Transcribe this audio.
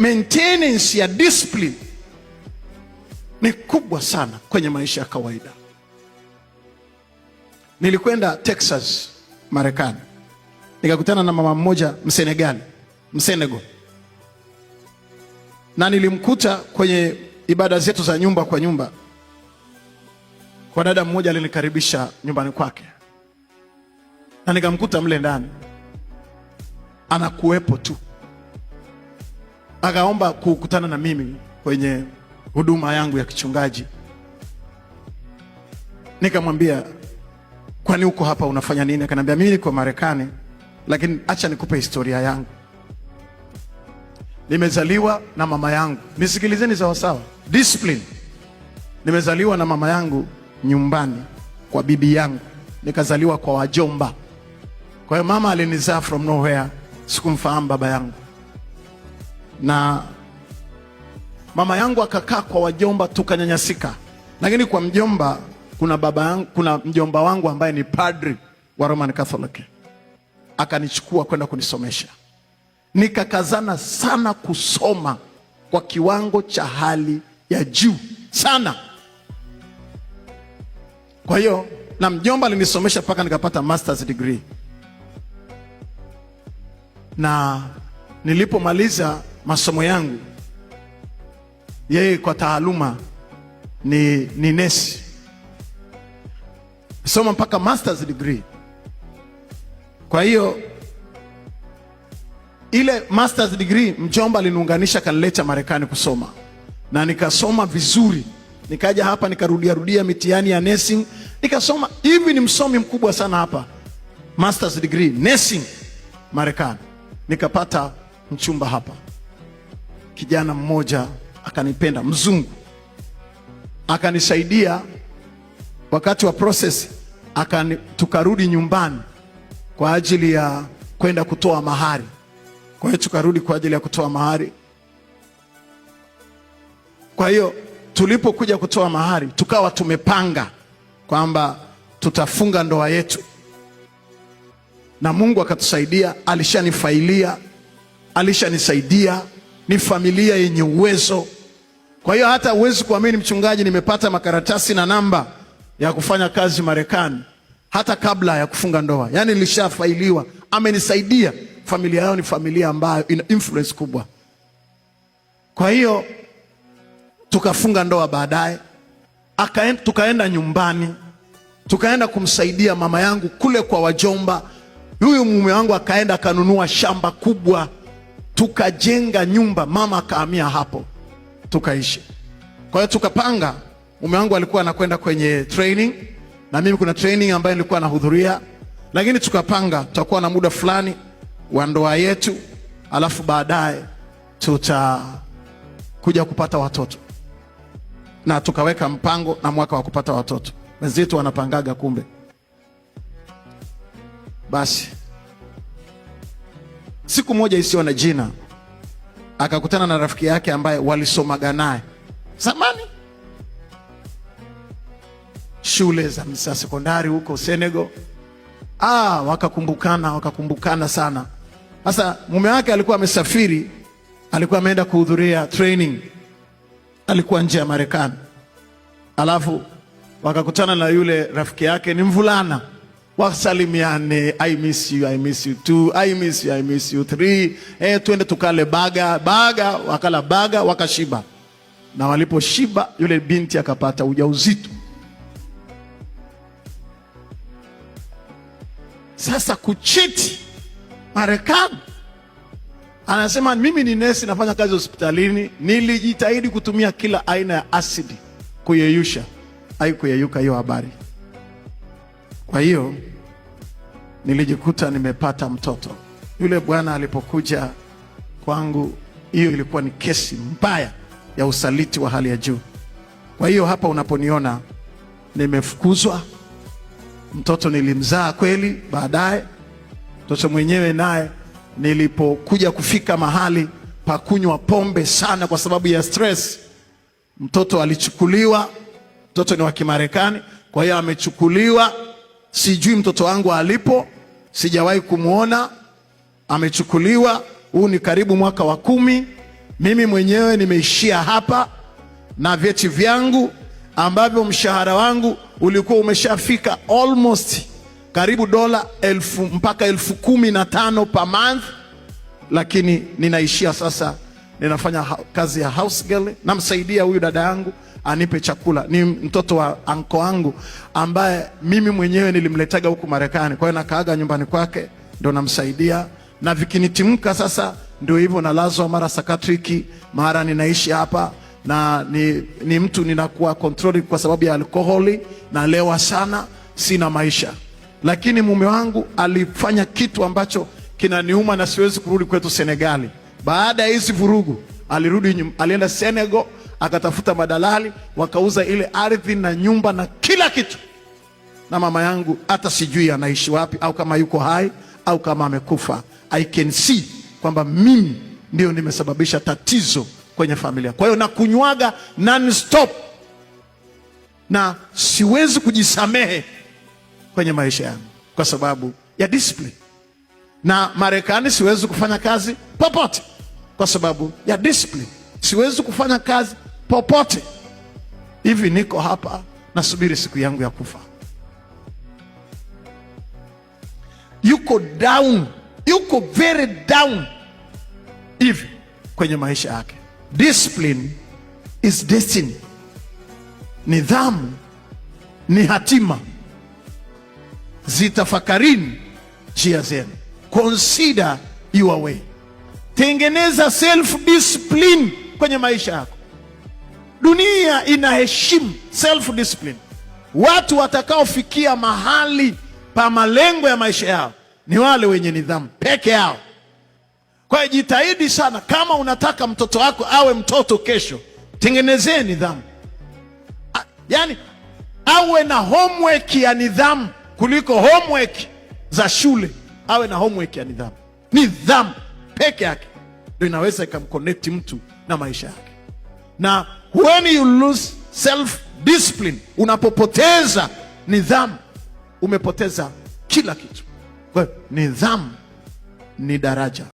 maintenance ya discipline ni kubwa sana kwenye maisha ya kawaida. Nilikwenda Texas Marekani, nikakutana na mama mmoja Msenegali, Msenego, na nilimkuta kwenye ibada zetu za nyumba kwa nyumba. Kwa dada mmoja alinikaribisha nyumbani kwake na nikamkuta mle ndani anakuwepo tu akaomba kukutana na mimi kwenye huduma yangu ya kichungaji. Nikamwambia, kwani uko hapa unafanya nini? Akaniambia, mimi niko Marekani, lakini acha nikupe historia yangu. Nimezaliwa na mama yangu, nisikilizeni sawasawa, discipline. Nimezaliwa na mama yangu nyumbani kwa bibi yangu, nikazaliwa kwa wajomba. Kwa hiyo mama alinizaa from nowhere, sikumfahamu baba yangu na mama yangu akakaa kwa wajomba tukanyanyasika, lakini kwa mjomba kuna baba yangu, kuna mjomba wangu ambaye ni padri wa Roman Catholic akanichukua kwenda kunisomesha, nikakazana sana kusoma kwa kiwango cha hali ya juu sana. Kwa hiyo na mjomba alinisomesha mpaka nikapata masters degree, na nilipomaliza masomo yangu. Yeye kwa taaluma ni, ni nesi, soma mpaka masters degree. Kwa hiyo ile masters degree mjomba aliniunganisha kanileta Marekani kusoma na nikasoma vizuri, nikaja hapa nikarudiarudia mitihani ya nursing nikasoma. Hivi ni msomi mkubwa sana hapa, masters degree nursing Marekani, nikapata mchumba hapa kijana mmoja akanipenda, mzungu, akanisaidia wakati wa process akani, tukarudi nyumbani kwa ajili ya kwenda kutoa mahari. Kwa hiyo tukarudi kwa ajili ya kutoa mahari. Kwa hiyo tulipokuja kutoa mahari, tukawa tumepanga kwamba tutafunga ndoa yetu, na Mungu akatusaidia, alishanifailia, alishanisaidia ni familia yenye uwezo. Kwa hiyo hata huwezi kuamini, mchungaji, nimepata makaratasi na namba ya kufanya kazi Marekani hata kabla ya kufunga ndoa, yaani nilishafailiwa, amenisaidia. Familia yao ni familia ambayo ina influence kubwa. Kwa hiyo tukafunga ndoa baadaye, tukaenda nyumbani, tukaenda kumsaidia mama yangu kule kwa wajomba. Huyu mume wangu akaenda akanunua shamba kubwa tukajenga nyumba, mama akahamia hapo tukaishi. Kwa hiyo tukapanga, mume wangu alikuwa anakwenda kwenye training na mimi kuna training ambayo nilikuwa nahudhuria, lakini tukapanga tutakuwa na muda fulani wa ndoa yetu, alafu baadaye tutakuja kupata watoto, na tukaweka mpango na mwaka wa kupata watoto. Wenzetu wanapangaga kumbe, basi Siku moja isiyo na jina akakutana na rafiki yake ambaye walisomaga naye zamani shule za msa sekondari huko Senegal. Ah, wakakumbukana wakakumbukana sana. Sasa mume wake alikuwa amesafiri, alikuwa ameenda kuhudhuria training, alikuwa nje ya Marekani, alafu wakakutana na yule rafiki yake, ni mvulana wasalimiane. I miss you, I miss you two, I miss you, I miss you three. Eh, twende tukale baga baga. Wakala baga wakashiba, na waliposhiba yule binti akapata ujauzito. Sasa kuchiti Marekani anasema mimi ni nesi, nafanya kazi hospitalini, nilijitahidi kutumia kila aina ya asidi kuyeyusha, haikuyeyuka hiyo habari. Kwa hiyo nilijikuta nimepata mtoto. Yule bwana alipokuja kwangu, hiyo ilikuwa ni kesi mbaya ya usaliti wa hali ya juu. Kwa hiyo hapa unaponiona nimefukuzwa, mtoto nilimzaa kweli, baadaye mtoto mwenyewe naye nilipokuja kufika mahali pa kunywa pombe sana kwa sababu ya stress, mtoto alichukuliwa. Mtoto ni wa Kimarekani, kwa hiyo amechukuliwa sijui mtoto wangu alipo, sijawahi kumwona, amechukuliwa. Huu ni karibu mwaka wa kumi. Mimi mwenyewe nimeishia hapa na vyeti vyangu ambavyo mshahara wangu ulikuwa umeshafika almost karibu dola elfu mpaka elfu kumi na tano per month, lakini ninaishia sasa, ninafanya kazi ya house girl, namsaidia huyu dada yangu anipe chakula. Ni mtoto wa anko wangu ambaye mimi mwenyewe nilimletaga huku Marekani, kwa hiyo nakaaga nyumbani kwake ndo namsaidia, na vikinitimka sasa ndio hivyo, nalazwa mara sakatriki, mara ninaishi hapa na ni, ni mtu ninakuwa kontroli kwa sababu ya alkoholi, nalewa sana, sina maisha. Lakini mume wangu alifanya kitu ambacho kinaniuma na siwezi kurudi kwetu Senegali. Baada ya hizi vurugu, alirudi, alienda Senegal akatafuta madalali, wakauza ile ardhi na nyumba na kila kitu, na mama yangu hata sijui anaishi wapi au kama yuko hai au kama amekufa. I can see kwamba mimi ndio nimesababisha tatizo kwenye familia. Kwa hiyo nakunywaga non stop na siwezi kujisamehe kwenye maisha yangu kwa sababu ya discipline. Na Marekani siwezi kufanya kazi popote kwa sababu ya discipline. Siwezi kufanya kazi popote. Hivi niko hapa nasubiri siku yangu ya kufa. Yuko down, yuko very down hivi kwenye maisha yake. Discipline is destiny, nidhamu ni hatima. Zitafakarini njia zenu, consider your way. Tengeneza self discipline kwenye maisha yako. Dunia inaheshimu self discipline. Watu watakaofikia mahali pa malengo ya maisha yao ni wale wenye nidhamu peke yao. Kwa hiyo jitahidi sana, kama unataka mtoto wako awe mtoto kesho, tengenezee nidhamu A, yani awe na homework ya nidhamu kuliko homework za shule. Awe na homework ya nidhamu. Nidhamu peke yake ndio inaweza ikamconnect mtu na maisha yake na when you lose self discipline, unapopoteza nidhamu umepoteza kila kitu. Kwa nidhamu ni daraja.